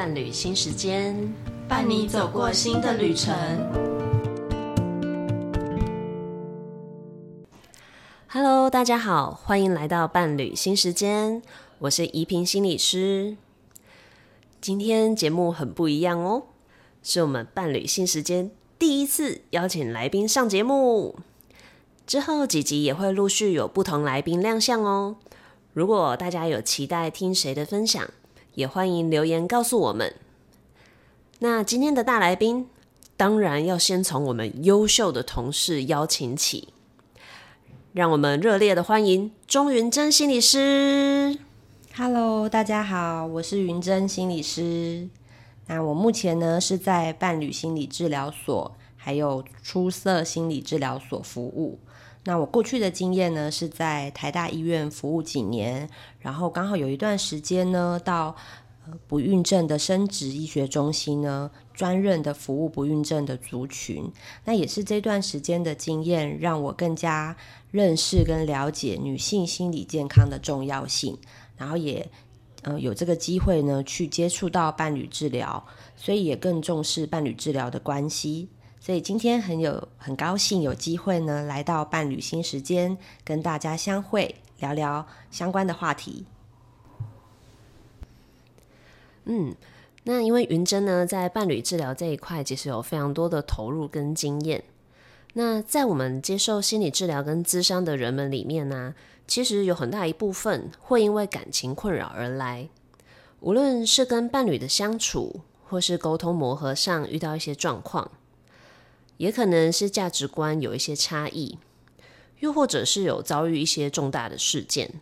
伴旅心時間，伴你走過心的旅程。Hello，大家好，歡迎來到伴旅心時間，我是宜萍心理師。今天節目很不一樣哦，是我們伴旅心時間第一次邀請來賓上節目，之後幾集也會陸續有不同來賓亮相哦。如果大家有期待聽誰的分享？也歡迎留言告訴我們。那今天的大來賓，當然要先從我們優秀的同事邀請起，讓我們熱烈的歡迎鍾昀蓁心理師。Hello，大家好，我是昀蓁心理師。那我目前呢是在伴旅心理治療所，還有初色心理治療所服務。那我過去的經驗呢，是在台大醫院服務幾年，然後剛好有一段時間呢，到、呃、不孕症的生殖醫學中心呢，專任的服務不孕症的族群。那也是這段時間的經驗，讓我更加認識跟了解女性心理健康的重要性，然後也、呃、有這個機會呢，去接觸到伴侶治療，所以也更重視伴侶治療的關係。所以今天很有很高興有機會呢，來到伴旅心時間跟大家相會，聊聊相關的話題。嗯，那因為昀蓁呢，在伴侶治療這一塊其實有非常多的投入跟經驗。那在我們接受心理治療跟諮商的人們裡面呢、啊，其實有很大一部分會因為感情困擾而來，無論是跟伴侶的相處或是溝通磨合上遇到一些狀況。也可能是價值觀有一些差異，又或者是有遭遇一些重大的事件，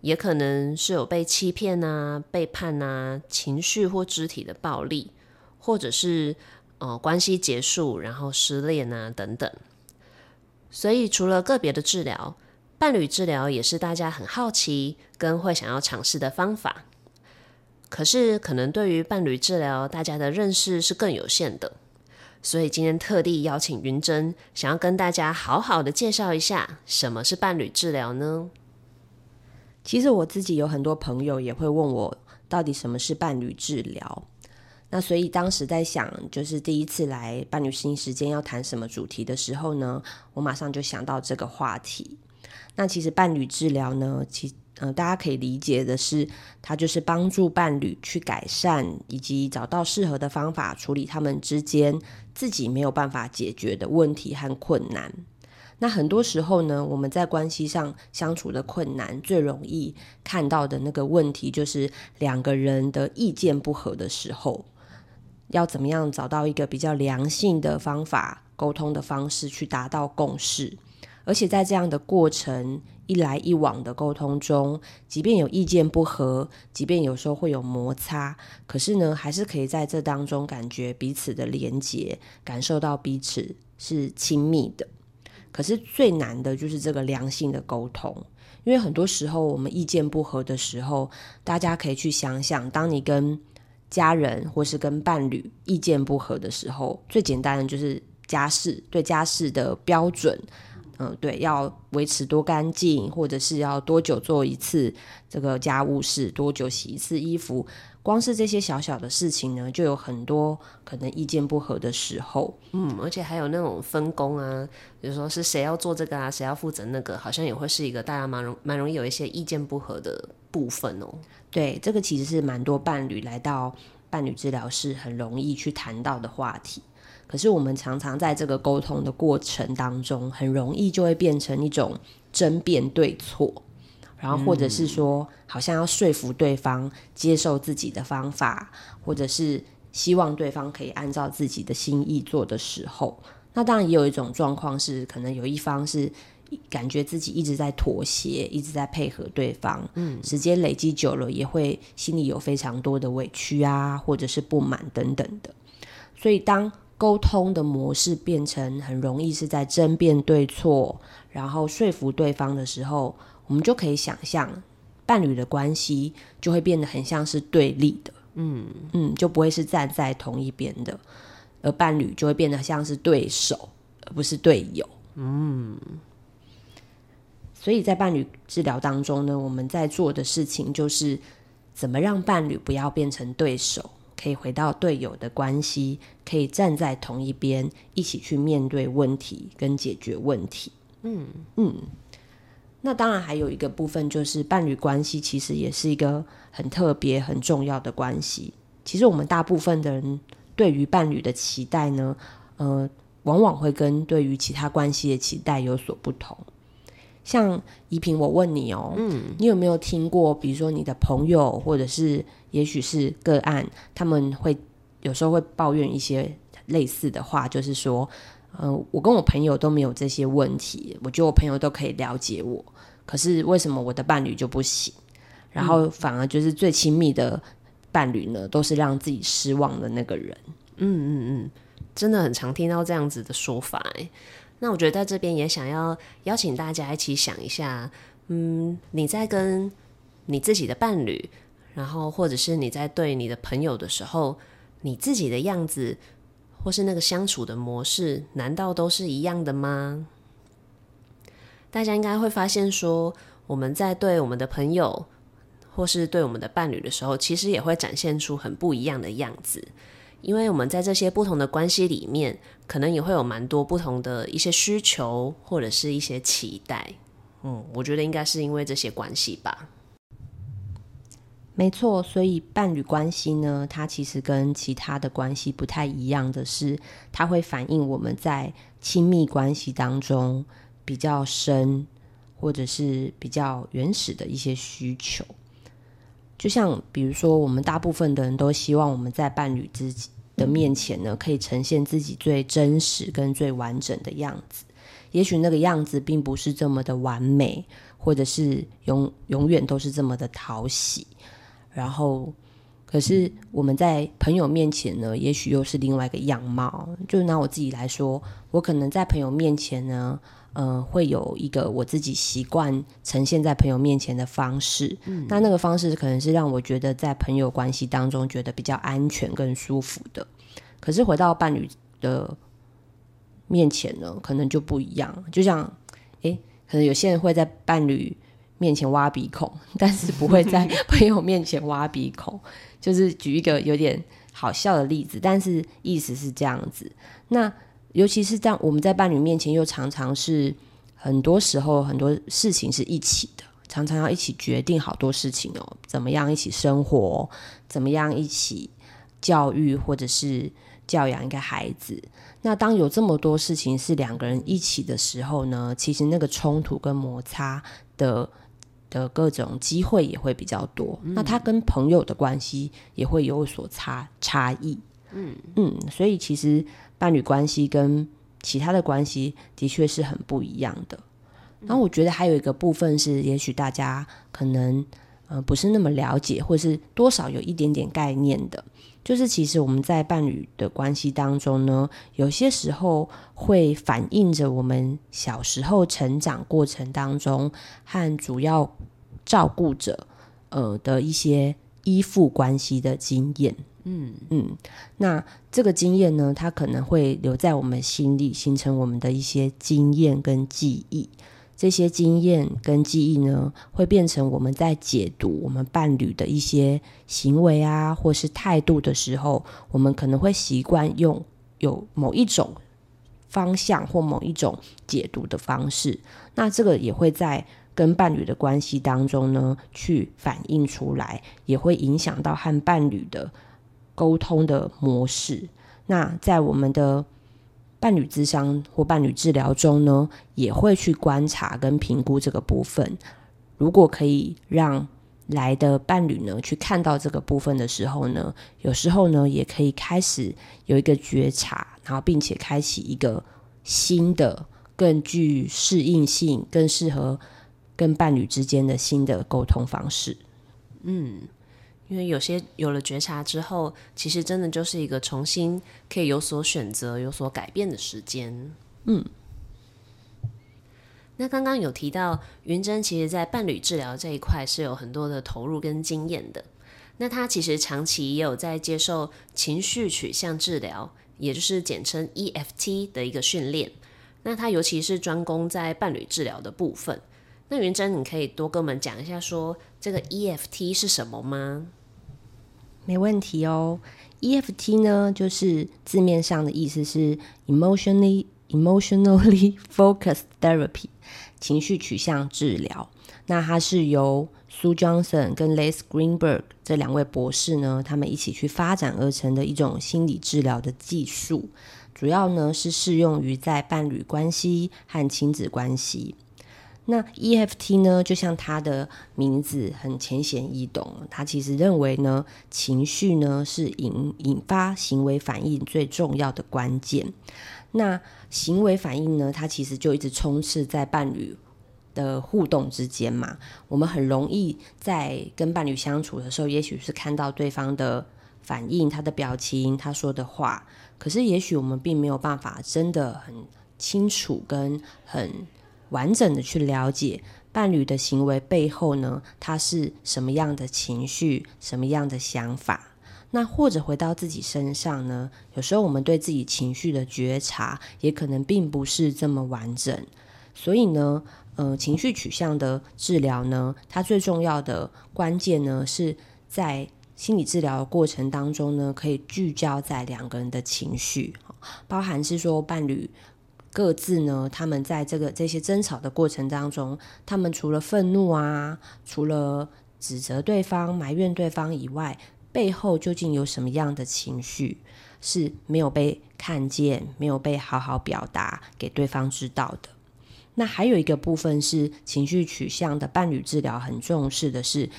也可能是有被欺騙吶、啊、背叛吶、啊、情緒或肢體的暴力，或者是、呃、關係結束，然後失戀吶、啊、等等。所以，除了個別的治療，伴侶治療也是大家很好奇跟會想要嘗試的方法。可是，可能對於伴侶治療，大家的認識是更有限的。所以今天特地邀請昀蓁，想要跟大家好好的介紹一下什麼是伴侶治療呢？其實我自己有很多朋友也會問我，到底什麼是伴侶治療？那所以當時在想，就是第一次來伴旅心時間要談什麼主題的時候呢，我馬上就想到這個話題。那其實伴侶治療呢，其實呃，大家可以理解的是，他就是幫助伴侶去改善，以及找到適合的方法處理他們之間自己沒有辦法解決的問題和困難。那很多時候呢，我們在關係上相處的困難，最容易看到的那個問題，就是兩個人的意見不合的時候，要怎麼樣找到一個比較良性的方法，溝通的方式去達到共識，而且在這樣的過程，一來一往的溝通中，即便有意見不合，即便有時候會有摩擦，可是呢，還是可以在這當中感覺彼此的連結，感受到彼此是親密的。可是最難的就是這個良性的溝通，因為很多時候我們意見不合的時候，大家可以去想想，當你跟家人或是跟伴侶意見不合的時候，最簡單的就是家事，對家事的標準。嗯，對，要維持多乾淨，或者是要多久做一次這個家務事，多久洗一次衣服，光是這些小小的事情呢，就有很多可能意見不合的時候。嗯，而且還有那種分工啊，比如說是誰要做這個啊，誰要負責那個，好像也會是一個大家蠻容蠻容易有一些意見不合的部分哦。對，這個其實是蠻多伴侶來到伴侶治療室很容易去談到的話題。可是我們常常在這個溝通的過程當中，很容易就會變成一種爭辯對錯，然後或者是說，好像要說服對方接受自己的方法、嗯，或者是希望對方可以按照自己的心意做的時候，那當然也有一種狀況是，可能有一方是感覺自己一直在妥協，一直在配合對方，嗯，時間累積久了，也會心裡有非常多的委屈啊，或者是不滿等等的，所以當，溝通的模式變成很容易是在爭辯對錯，然後說服對方的時候，我們就可以想象伴侶的關係就會變得很像是對立的，嗯嗯，就不會是站在同一邊的，而伴侶就會變得像是對手，而不是隊友，嗯。所以在伴侶治療當中呢，我們在做的事情就是怎麼讓伴侶不要變成對手。可以回到隊友的關係，可以站在同一邊，一起去面對問題跟解決問題。嗯嗯。那當然還有一個部分，就是伴侶關係其實也是一個很特別、很重要的關係。其實我們大部分的人對於伴侶的期待呢，呃，往往會跟對於其他關係的期待有所不同。像怡萍，我問你哦，嗯，你有沒有聽過，比如說你的朋友或者是？也許是個案，他們會有時候會抱怨一些類似的話，就是說，嗯、呃，我跟我朋友都沒有這些問題，我覺得我朋友都可以了解我，可是為什麼我的伴侶就不行？然後反而就是最親密的伴侶呢，都是讓自己失望的那個人。嗯嗯嗯，真的很常聽到這樣子的說法欸。那我覺得在這邊也想要邀請大家一起想一下，嗯，你在跟你自己的伴侶。然後，或者是你在對你的朋友的時候，你自己的樣子，或是那個相處的模式，難道都是一樣的嗎？大家應該會發現說，我們在對我們的朋友，或是對我們的伴侶的時候，其實也會展現出很不一樣的樣子。因為我們在這些不同的關係裡面，可能也會有蠻多不同的一些需求，或者是一些期待。嗯，我覺得應該是因為這些關係吧。沒錯，所以伴侶關係呢，它其實跟其他的關係不太一樣的是，它會反映我們在親密關係當中比較深或者是比較原始的一些需求。就像比如說，我們大部分的人都希望我們在伴侶自己的面前呢、嗯，可以呈現自己最真實跟最完整的樣子。也許那個樣子並不是這麼的完美，或者是永永遠都是這麼的討喜。然後，可是我們在朋友面前呢、嗯，也許又是另外一個樣貌。就拿我自己來說，我可能在朋友面前呢，嗯、呃，會有一個我自己習慣呈現在朋友面前的方式、嗯。那那個方式可能是讓我覺得在朋友關係當中覺得比較安全跟舒服的。可是回到伴侶的面前呢，可能就不一樣。就像，誒，可能有些人會在伴侶面前挖鼻孔，但是不會在朋友面前挖鼻孔。 就是舉一個有點好笑的例子，但是意思是這樣子。那尤其是在我們在伴侶面前又常常是很多時候，很多事情是一起的，常常要一起決定好多事情哦。怎麼樣一起生活？怎麼樣一起教育或者是教養一個孩子？那當有這麼多事情是兩個人一起的時候呢，其實那個衝突跟摩擦的。的各種機會也會比較多，嗯，那他跟朋友的關係也會有所差差異。嗯嗯，所以其實伴侶關係跟其他的關係的確是很不一樣的。嗯，然後我覺得還有一個部分是，也許大家可能呃不是那麼了解，或是多少有一點點概念的，就是其實我們在伴侶的關係當中呢，有些時候會反映着我們小時候成長過程當中和主要。照顧者，呃的一些依附關係的經驗，嗯嗯，那這個經驗呢，它可能會留在我們心裡，形成我們的一些經驗跟記憶。這些經驗跟記憶呢，會變成我們在解讀我們伴侶的一些行為啊，或是態度的時候，我們可能會習慣用有某一種方向或某一種解讀的方式。那這個也會在。跟伴侶的關係當中呢，去反映出來，也會影響到和伴侶的溝通的模式。那在我們的伴侶諮商或伴侶治療中呢，也會去觀察跟評估這個部分。如果可以讓來的伴侶呢，去看到這個部分的時候呢，有時候呢，也可以開始有一個覺察，然後並且開啟一個新的、更具適應性、更適合。跟伴侶之間的新的溝通方式，嗯，因為有些有了覺察之後，其實真的就是一個重新可以有所選擇、有所改變的時間，嗯。那剛剛有提到昀蓁，其實在伴侶治療這一塊是有很多的投入跟經驗的。那她其實長期也有在接受情緒取向治療，也就是簡稱 EFT 的一個訓練。那她尤其是專攻在伴侶治療的部分。那昀蓁，你可以多跟我們講一下，說這個 EFT 是什麼嗎？沒問題哦。EFT 呢，就是字面上的意思是 emotionally emotionally focused therapy 情緒取向治療。那它是由 Sue Johnson 跟 Les Greenberg 這兩位博士呢，他們一起去發展而成的一種心理治療的技術，主要呢是適用於在伴侶關係和親子關係。那 EFT 呢，就像他的名字很淺顯易懂，他其實認為呢，情緒呢是引引發行為反應最重要的關鍵。那行為反應呢，它其實就一直充斥在伴侶的互動之間嘛。我們很容易在跟伴侶相處的時候，也許是看到對方的反應、他的表情、他說的話，可是也許我們並沒有辦法真的很清楚跟很完整的去了解伴侶的行為背後呢，他是什麼樣的情緒，什麼樣的想法？那或者回到自己身上呢？有時候我們對自己情緒的覺察也可能並不是這麼完整。所以呢，呃，情緒取向的治療呢，它最重要的關鍵呢，是在心理治療的過程當中呢，可以聚焦在兩個人的情緒，包含是說伴侶。各自呢，他們在這個這些爭吵的過程當中，他們除了憤怒啊，除了指責對方、埋怨對方以外，背後究竟有什麼樣的情緒是沒有被看見、沒有被好好表達給對方知道的。那還有一個部分是情緒取向的伴侶治療很重視的是，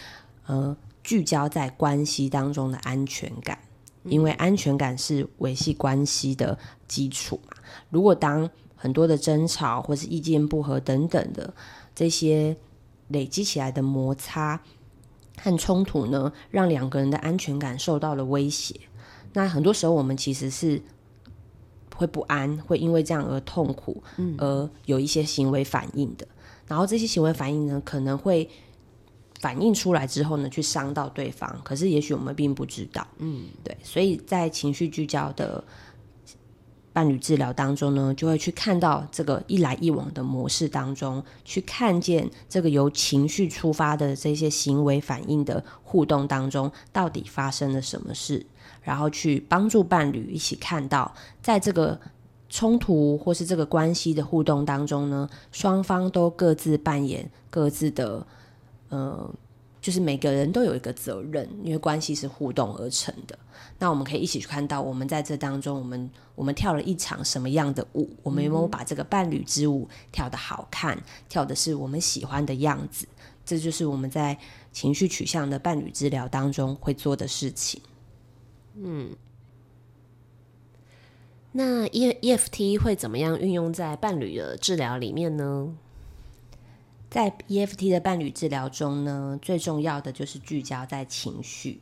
呃，聚焦在關係當中的安全感，因為安全感是維繫關係的基礎嘛。如果當很多的爭吵或是意見不合等等的這些累積起來的摩擦和衝突呢，讓兩個人的安全感受到了威脅。那很多時候我們其實是會不安，會因為這樣而痛苦，而有一些行為反應的。嗯。然後這些行為反應呢，可能會反映出來之後呢，去傷到對方。可是也許我們並不知道，嗯，對。所以在情緒聚焦的。伴侶治療當中呢，就會去看到這個一來一往的模式當中，去看見這個由情緒出發的這些行為反應的互動當中，到底發生了什麼事，然後去幫助伴侶一起看到，在這個衝突或是這個關係的互動當中呢，雙方都各自扮演各自的，呃。就是每個人都有一個責任，因為關係是互動而成的。那我們可以一起去看到，我們在這當中，我們我們跳了一場什麼樣的舞？我們有沒有把這個伴侶之舞跳得好看？跳的是我們喜歡的樣子。這就是我們在情緒取向的伴侶治療當中會做的事情。嗯。那 EFT 會怎麼樣運用在伴侶的治療裡面呢？在 EFT 的伴侶治療中呢，最重要的就是聚焦在情緒。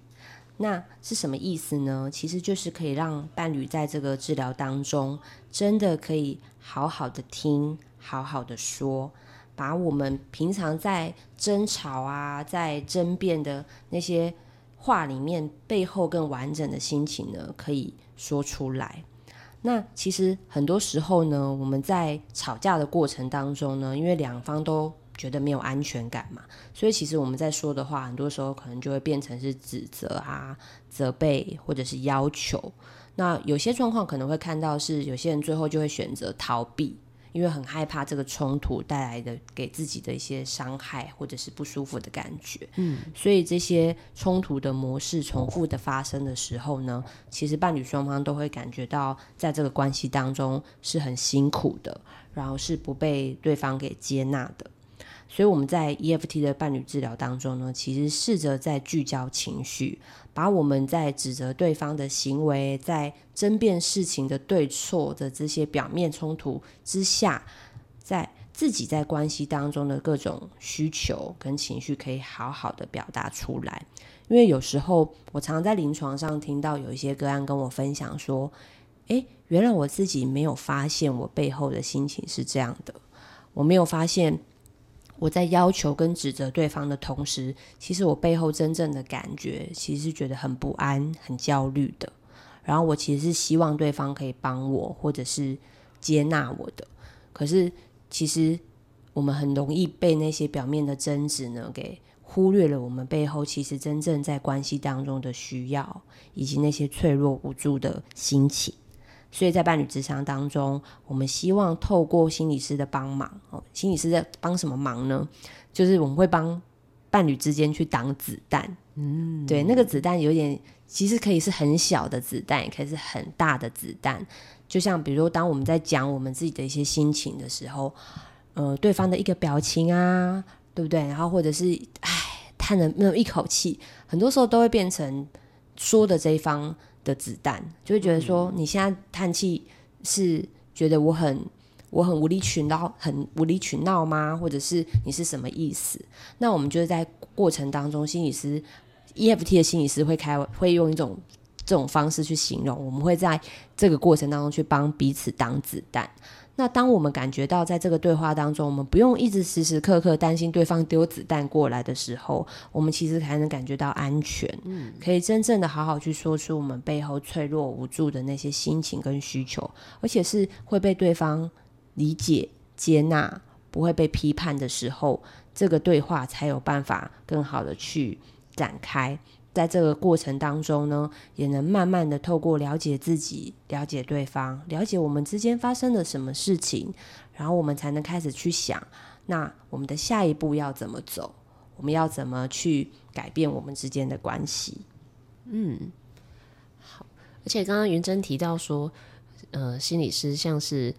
那是什麼意思呢？其實就是可以讓伴侶在這個治療當中，真的可以好好的聽，好好的說，把我們平常在爭吵啊，在爭辯的那些話裡面背後更完整的心情呢，可以說出來。那其實很多時候呢，我們在吵架的過程當中呢，因為兩方都覺得沒有安全感嘛，所以其實我們在說的話，很多時候可能就會變成是指責啊、責備或者是要求。那有些狀況可能會看到是有些人最後就會選擇逃避，因為很害怕這個衝突帶來的給自己的一些傷害或者是不舒服的感覺。嗯，所以這些衝突的模式重複的發生的時候呢，其實伴侶雙方都會感覺到在這個關係當中是很辛苦的，然後是不被對方給接納的。所以我們在 EFT 的伴侶治療當中呢，其實試着在聚焦情緒，把我們在指責對方的行為、在爭辯事情的對錯的這些表面衝突之下，在自己在關係當中的各種需求跟情緒，可以好好的表達出來。因為有時候我常常在臨床上聽到有一些個案跟我分享說：“哎，原來我自己沒有發現我背後的心情是這樣的，我沒有發現。”我在要求跟指責對方的同時，其實我背後真正的感覺其實是覺得很不安、很焦慮的。然後我其實是希望對方可以幫我，或者是接納我的。可是其實我們很容易被那些表面的爭執呢，給忽略了我們背後其實真正在關係當中的需要，以及那些脆弱無助的心情。所以在伴侶諮商當中，我們希望透過心理師的幫忙哦，心理師在幫什麼忙呢？就是我們會幫伴侶之間去擋子彈，嗯，對，那個子彈有點，其實可以是很小的子彈，也可以是很大的子彈。就像比如當我們在講我們自己的一些心情的時候，呃，對方的一個表情啊，對不對？然後或者是唉，嘆了那麼一口氣，很多時候都會變成說的這一方，的子彈就會覺得說，嗯，你現在嘆氣是覺得我很我很無理取鬧，很無理取鬧嗎？或者是你是什麼意思？那我們就是在過程當中，心理師 EFT 的心理師會開會用一種這種方式去形容，我們會在這個過程當中去幫彼此擋子彈。那當我們感覺到在這個對話當中，我們不用一直時時刻刻擔心對方丟子彈過來的時候，我們其實才能感覺到安全，嗯，可以真正的好好去說出我們背後脆弱無助的那些心情跟需求，而且是會被對方理解、接納，不會被批判的時候，這個對話才有辦法更好的去展開。在這個過程當中呢，也能慢慢的透過了解自己、了解對方、了解我們之間發生了什麼事情，然後我們才能開始去想，那我們的下一步要怎麼走，我們要怎麼去改變我們之間的關係。嗯，好。而且剛剛昀蓁提到說，呃，心理師像是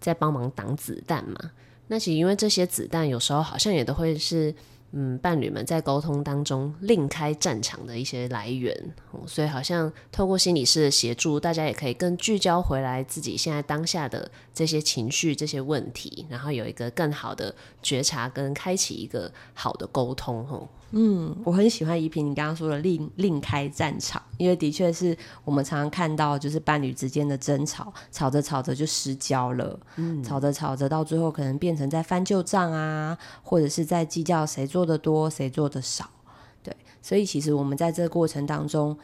在幫忙擋子彈嘛。那其實因為這些子彈有時候好像也都會是。嗯，伴侶們在溝通當中另開戰場的一些來源，哦，所以好像透過心理師的協助，大家也可以更聚焦回來自己現在當下的這些情緒、這些問題，然後有一個更好的覺察跟開啟一個好的溝通，哦。嗯，我很喜歡怡萍你剛剛說的另另開戰場，因為的確是我們常常看到，就是伴侶之間的爭吵，吵着吵着就失焦了，嗯，吵着吵着到最後可能變成在翻舊賬啊，或者是在計較誰做的多誰做的少，對，所以其實我們在這個過程當中，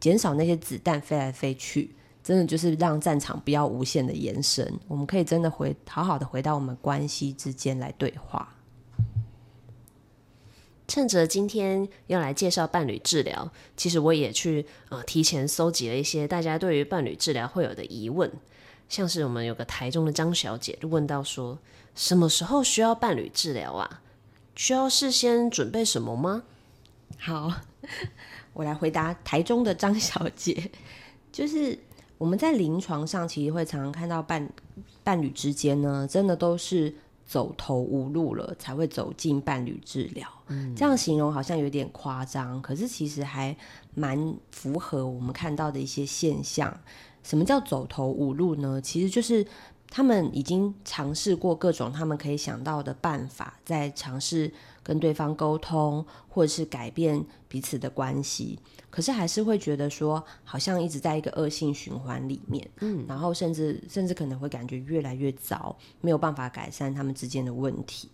減少那些子彈飛來飛去，真的就是讓戰場不要無限的延伸，我們可以真的回好好的回到我們關係之間來對話。趁着今天要來介紹伴侶治療，其實我也去呃提前搜集了一些大家對於伴侶治療會有的疑問，像是我們有個台中的張小姐就問到說，什麼時候需要伴侶治療啊？需要事先準備什麼嗎？好，我來回答台中的張小姐，就是我們在臨床上其實會常常看到伴伴侶之間呢，真的都是。走投無路了才會走進伴侶治療。嗯，這樣形容好像有點誇張，可是其實還蠻符合我們看到的一些現象。什麼叫走投無路呢？其實就是他們已經嘗試過各種他們可以想到的辦法，在嘗試。跟對方溝通，或者是改變彼此的關係，可是還是會覺得說，好像一直在一個惡性循環裡面。嗯，然後甚至甚至可能會感覺越來越糟，沒有辦法改善他們之間的問題。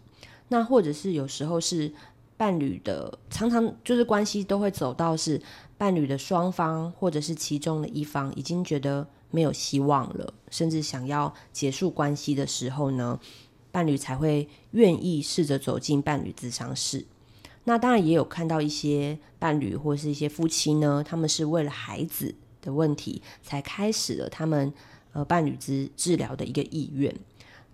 那或者是有時候是伴侶的，常常就是關係都會走到是伴侶的雙方，或者是其中的一方已經覺得沒有希望了，甚至想要結束關係的時候呢，伴侶才會願意試着走進伴侶諮商室。那當然也有看到一些伴侶或者是一些夫妻呢，他們是為了孩子的問題才開始了他們呃伴侶治療的一個意願。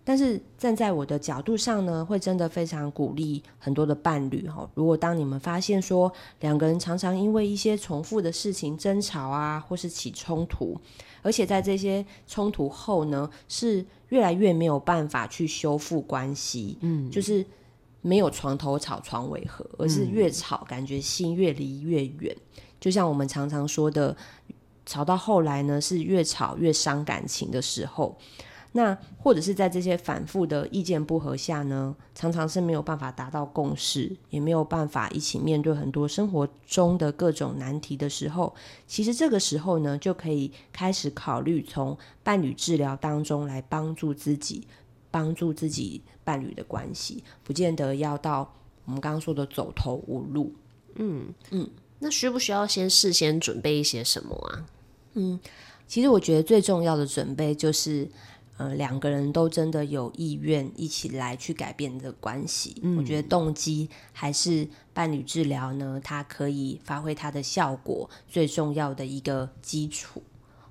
但是站在我的角度上呢，會真的非常鼓勵很多的伴侶哈、哦。如果當你們發現說，兩個人常常因為一些重複的事情爭吵啊，或是起衝突，而且在這些衝突後呢是。越來越沒有辦法去修復關係，嗯，就是沒有床頭吵床尾和，而是越吵感覺心越離越遠。嗯。就像我們常常說的，吵到後來呢，是越吵越傷感情的時候。那或者是在這些反覆的意見不合下呢，常常是沒有辦法達到共識，也沒有辦法一起面對很多生活中的各種難題的時候，其實這個時候呢，就可以開始考慮從伴侶治療當中來幫助自己，幫助自己伴侶的關係，不見得要到我們剛剛說的走投無路。嗯嗯，那需不需要先事先準備一些什麼啊？嗯，其實我覺得最重要的準備就是。呃，兩個人都真的有意願一起來去改變的關係。嗯，我覺得動機還是伴侶治療呢，它可以發揮它的效果最重要的一個基礎。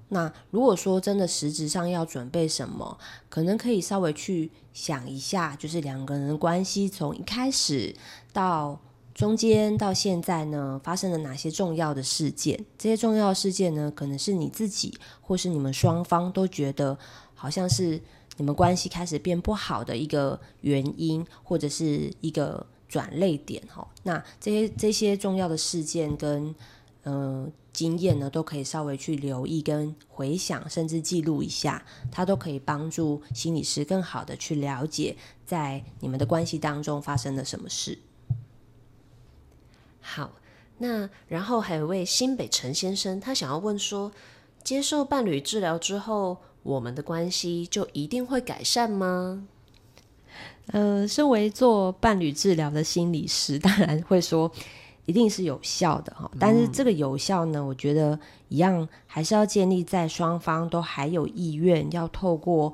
那如果說真的實質上要準備什麼，可能可以稍微去想一下，就是兩個人的關係從一開始到中間到現在呢，發生了哪些重要的事件？這些重要事件呢，可能是你自己或是你們雙方都覺得。好像是你們關係開始變不好的一個原因，或者是一個轉捩點哦。那這些這些重要的事件跟嗯、呃、經驗呢，都可以稍微去留意跟回想，甚至記錄一下，它都可以幫助心理師更好的去了解在你們的關係當中發生了什麼事。好，那然後還有位新北陳先生，他想要問說，接受伴侶治療之後。我們的關係就一定會改善嗎？呃，身為做伴侶治療的心理師，當然會說一定是有效的哈。但是這個有效呢，嗯、我覺得一樣還是要建立在雙方都還有意願，要透過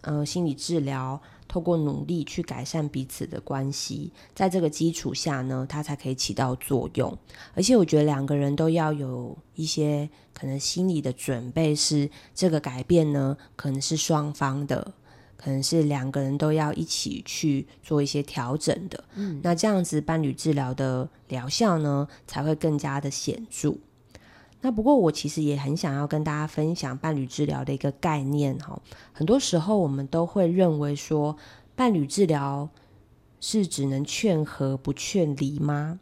嗯、呃、心理治療。透過努力去改善彼此的關係，在這個基礎下呢，它才可以起到作用。而且我覺得兩個人都要有一些可能心理的準備是，是這個改變呢，可能是雙方的，可能是兩個人都要一起去做一些調整的。嗯，那這樣子伴侶治療的療效呢，才會更加的顯著。那不過我其實也很想要跟大家分享伴侶治療的一個概念吼、哦，很多時候我們都會認為說，伴侶治療是只能勸和不勸離嗎、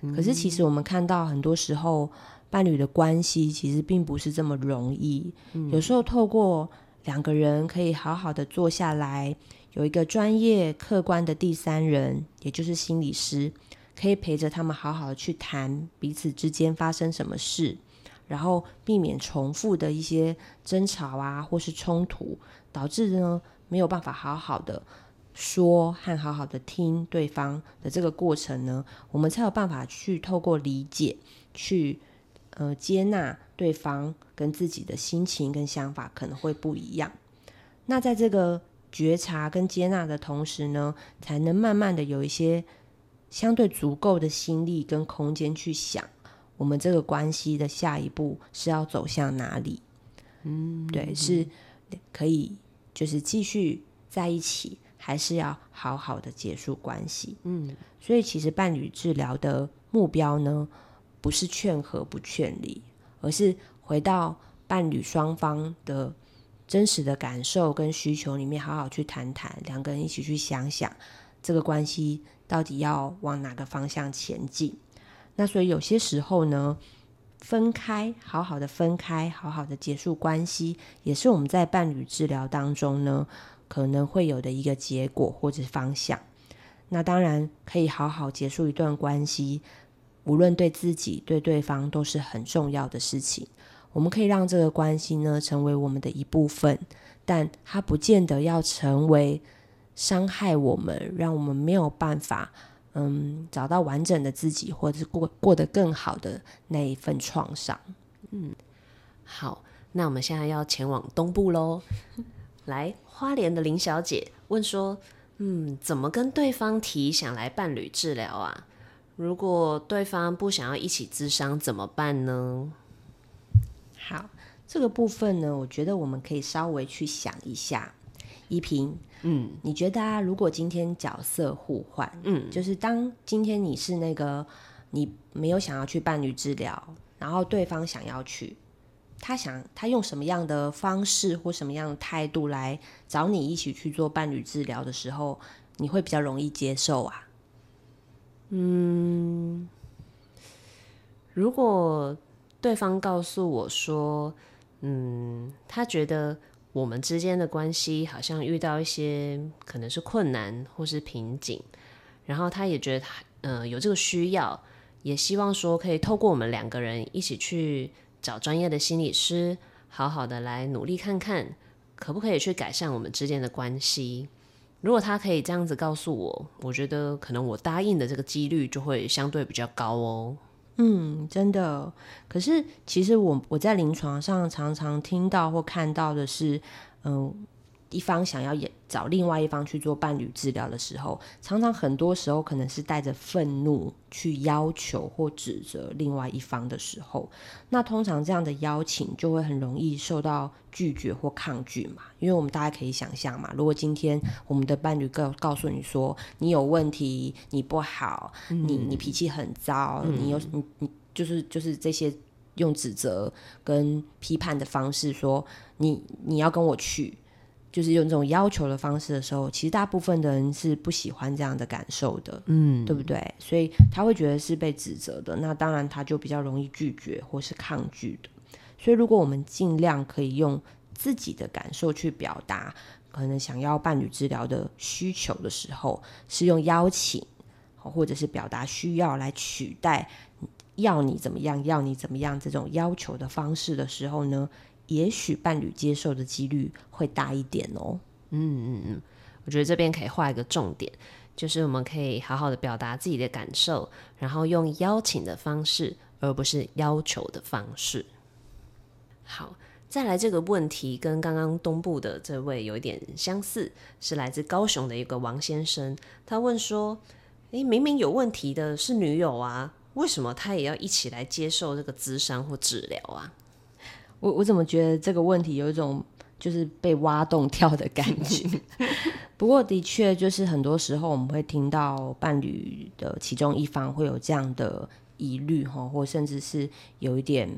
嗯？可是其實我們看到很多時候伴侶的關係其實並不是這麼容易、嗯。有時候透過兩個人可以好好的坐下來，有一個專業客觀的第三人，也就是心理師，可以陪着他們好好的去談彼此之間發生什麼事，然後避免重複的一些爭吵啊，或是衝突，導致呢沒有辦法好好的說和好好的聽對方的這個過程呢，我們才有辦法去透過理解，去呃接納對方跟自己的心情跟想法可能會不一樣。那在這個覺察跟接納的同時呢，才能慢慢的有一些。相對足夠的心力跟空間去想，我們這個關係的下一步是要走向哪裡？嗯，對，是可以就是繼續在一起，還是要好好的結束關係？嗯，所以其實伴侶治療的目標呢，不是勸和不勸離，而是回到伴侶雙方的真實的感受跟需求裡面，好好去談談，兩個人一起去想想。這個關係到底要往哪個方向前進？那所以有些時候呢，分開，好好的分開，好好的結束關係，也是我們在伴侶治療當中呢，可能會有的一個結果或者方向。那當然可以好好結束一段關係，無論對自己，對對方都是很重要的事情。我們可以讓這個關係呢，成為我們的一部分，但它不見得要成為。傷害我們，讓我們沒有辦法，嗯，找到完整的自己，或者是過過得更好的那一份創傷。嗯，好，那我們現在要前往東部嘍。來，花蓮的林小姐問說，嗯，怎麼跟對方提想來伴侶治療啊？如果對方不想要一起諮商怎麼辦呢？好，這個部分呢，我覺得我們可以稍微去想一下，依萍。嗯，你覺得啊？如果今天角色互換，嗯，就是當今天你是那個你沒有想要去伴侶治療，然後對方想要去，他想，他用什麼樣的方式或什麼樣的態度來找你一起去做伴侶治療的時候，你會比較容易接受啊？嗯，如果對方告訴我說，嗯，他覺得。我們之間的關係好像遇到一些可能是困難或是瓶頸，然後他也覺得他呃有這個需要，也希望說可以透過我們兩個人一起去找專業的心理師，好好的來努力看看，可不可以去改善我們之間的關係。如果他可以這樣子告訴我，我覺得可能我答應的這個幾率就會相對比較高哦。嗯，真的。可是，其實我我在臨床上常常聽到或看到的是，嗯、呃。一方想要也找另外一方去做伴侶治療的時候，常常很多時候可能是帶着憤怒去要求或指責另外一方的時候，那通常這樣的邀請就會很容易受到拒絕或抗拒嘛，因為我們大家可以想象嘛，如果今天我們的伴侶告告訴你說你有問題，你不好，你你脾氣很糟，嗯，你有你你就是就是這些用指責跟批判的方式說你你要跟我去。就是用這種要求的方式的時候，其實大部分的人是不喜歡這樣的感受的，嗯，對不對？所以他會覺得是被指責的，那當然他就比較容易拒絕或是抗拒的。所以如果我們盡量可以用自己的感受去表達，可能想要伴侶治療的需求的時候，是用邀請或者是表達需要來取代要你怎麼樣，要你怎麼樣這種要求的方式的時候呢，也許伴侶接受的幾率會大一點哦。嗯嗯嗯，我覺得這邊可以畫一個重點，就是我們可以好好的表達自己的感受，然後用邀請的方式，而不是要求的方式。好，再來這個問題跟剛剛東部的這位有一點相似，是來自高雄的一個王先生，他問說，欸：“明明有問題的是女友啊，為什麼他也要一起來接受這個諮商或治療啊？”我我怎麼覺得這個問題有一種就是被挖洞跳的感覺？ 不過的確，就是很多時候我們會聽到伴侶的其中一方會有這樣的疑慮哈、哦，或甚至是有一點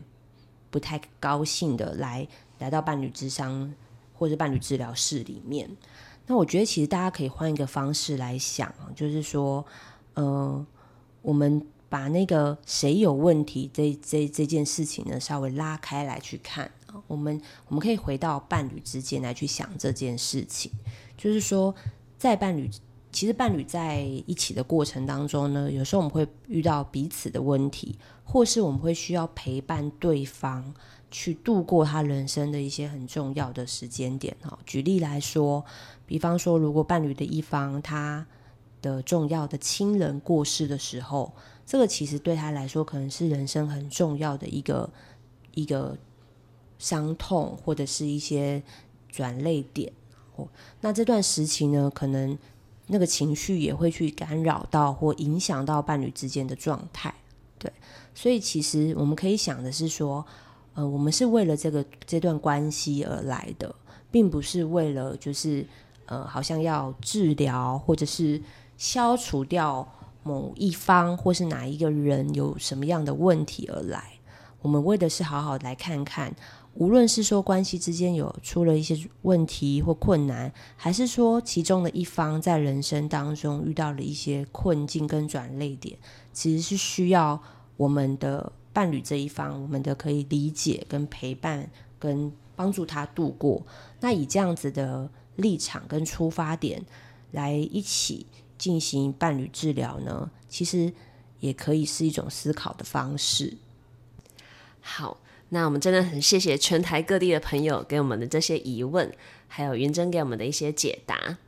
不太高興的來來到伴侶諮商，或者是伴侶治療室裡面，嗯。那我覺得其實大家可以換一個方式來想，啊，就是說，嗯、呃，我們。把那個誰有問題這這這件事情呢，稍微拉開來去看啊。我們我們可以回到伴侶之間來去想這件事情，就是說，在伴侶其實伴侶在一起的過程當中呢，有時候我們會遇到彼此的問題，或是我們會需要陪伴對方去度過他人生的一些很重要的時間點。哈，舉例來說，比方說，如果伴侶的一方他的重要的親人過世的時候。這個其實對他來說，可能是人生很重要的一個一個傷痛，或者是一些轉捩點。哦，那這段時期呢，可能那個情緒也會去干擾到或影響到伴侶之間的狀態。對，所以其實我們可以想的是說，呃，我們是為了這個這段關係而來的，並不是為了就是呃，好像要治療或者是消除掉。某一方或是哪一個人有什麼樣的問題而來，我們為的是好好來看看，無論是說，關係之間有出了一些問題或困難，還是說其中的一方在人生當中遇到了一些困境、跟轉捩點，其實是需要我們的伴侶這一方，我們的可以理解跟陪伴跟幫助他度過。那以這樣子的立場跟出發點來一起。進行伴侶治療呢，其實也可以是一種思考的方式。好，那我們真的很謝謝全台各地的朋友給我們的這些疑問，還有昀蓁給我們的一些解答。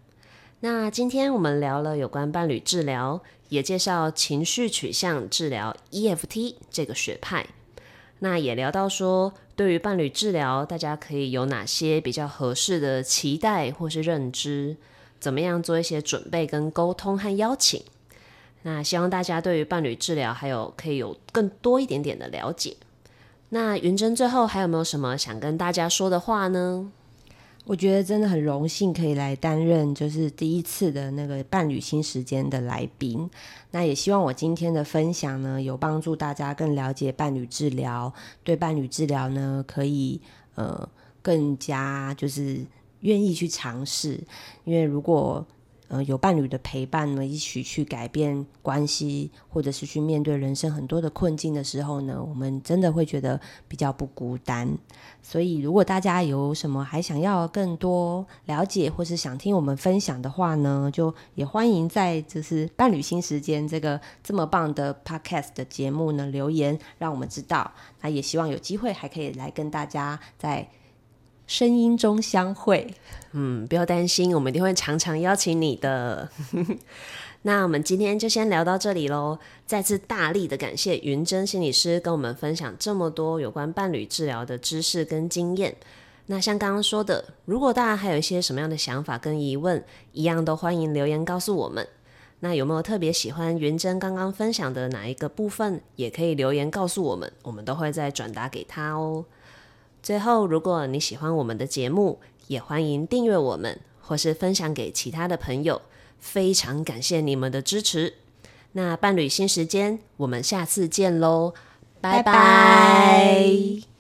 那今天我們聊了有關伴侶治療，也介紹情緒取向治療 （EFT） 這個學派。那也聊到說，對於伴侶治療，大家可以有哪些比較合適的期待或是認知？怎麼樣做一些準備、跟溝通和邀請？那希望大家對於伴侶治療還有可以有更多一點點的了解。那昀蓁最後還有沒有什麼想跟大家說的話呢？我覺得真的很榮幸可以來擔任就是第一次的那個伴旅心時間的來賓。那也希望我今天的分享呢，有幫助大家更了解伴侶治療。對伴侶治療呢，可以呃更加就是。願意去嘗試，因為如果呃有伴侶的陪伴呢，一起去改變關係，或者是去面對人生很多的困境的時候呢，我們真的會覺得比較不孤單。所以，如果大家有什麼還想要更多了解，或是想聽我們分享的話呢，就也歡迎在就是伴旅心時間這個這麼棒的 podcast 的節目呢留言，讓我們知道。那也希望有機會還可以來跟大家在聲音中相會，嗯，不要擔心，我們一定會常常邀請你的。 那我們今天就先聊到這裡嘍。再次大力的感謝昀蓁心理師跟我們分享這麼多有關伴侶治療的知識跟經驗。那像剛剛說的，如果大家還有一些什麼樣的想法跟疑問，一樣都歡迎留言告訴我們。那有沒有特別喜歡昀蓁剛剛分享的哪一個部分，也可以留言告訴我們，我們都會再轉達給他哦。最後，如果你喜歡我們的節目，也歡迎訂閱我們，或是分享給其他的朋友。非常感謝你們的支持。那伴旅心時間，我們下次見嘍，拜拜。拜拜。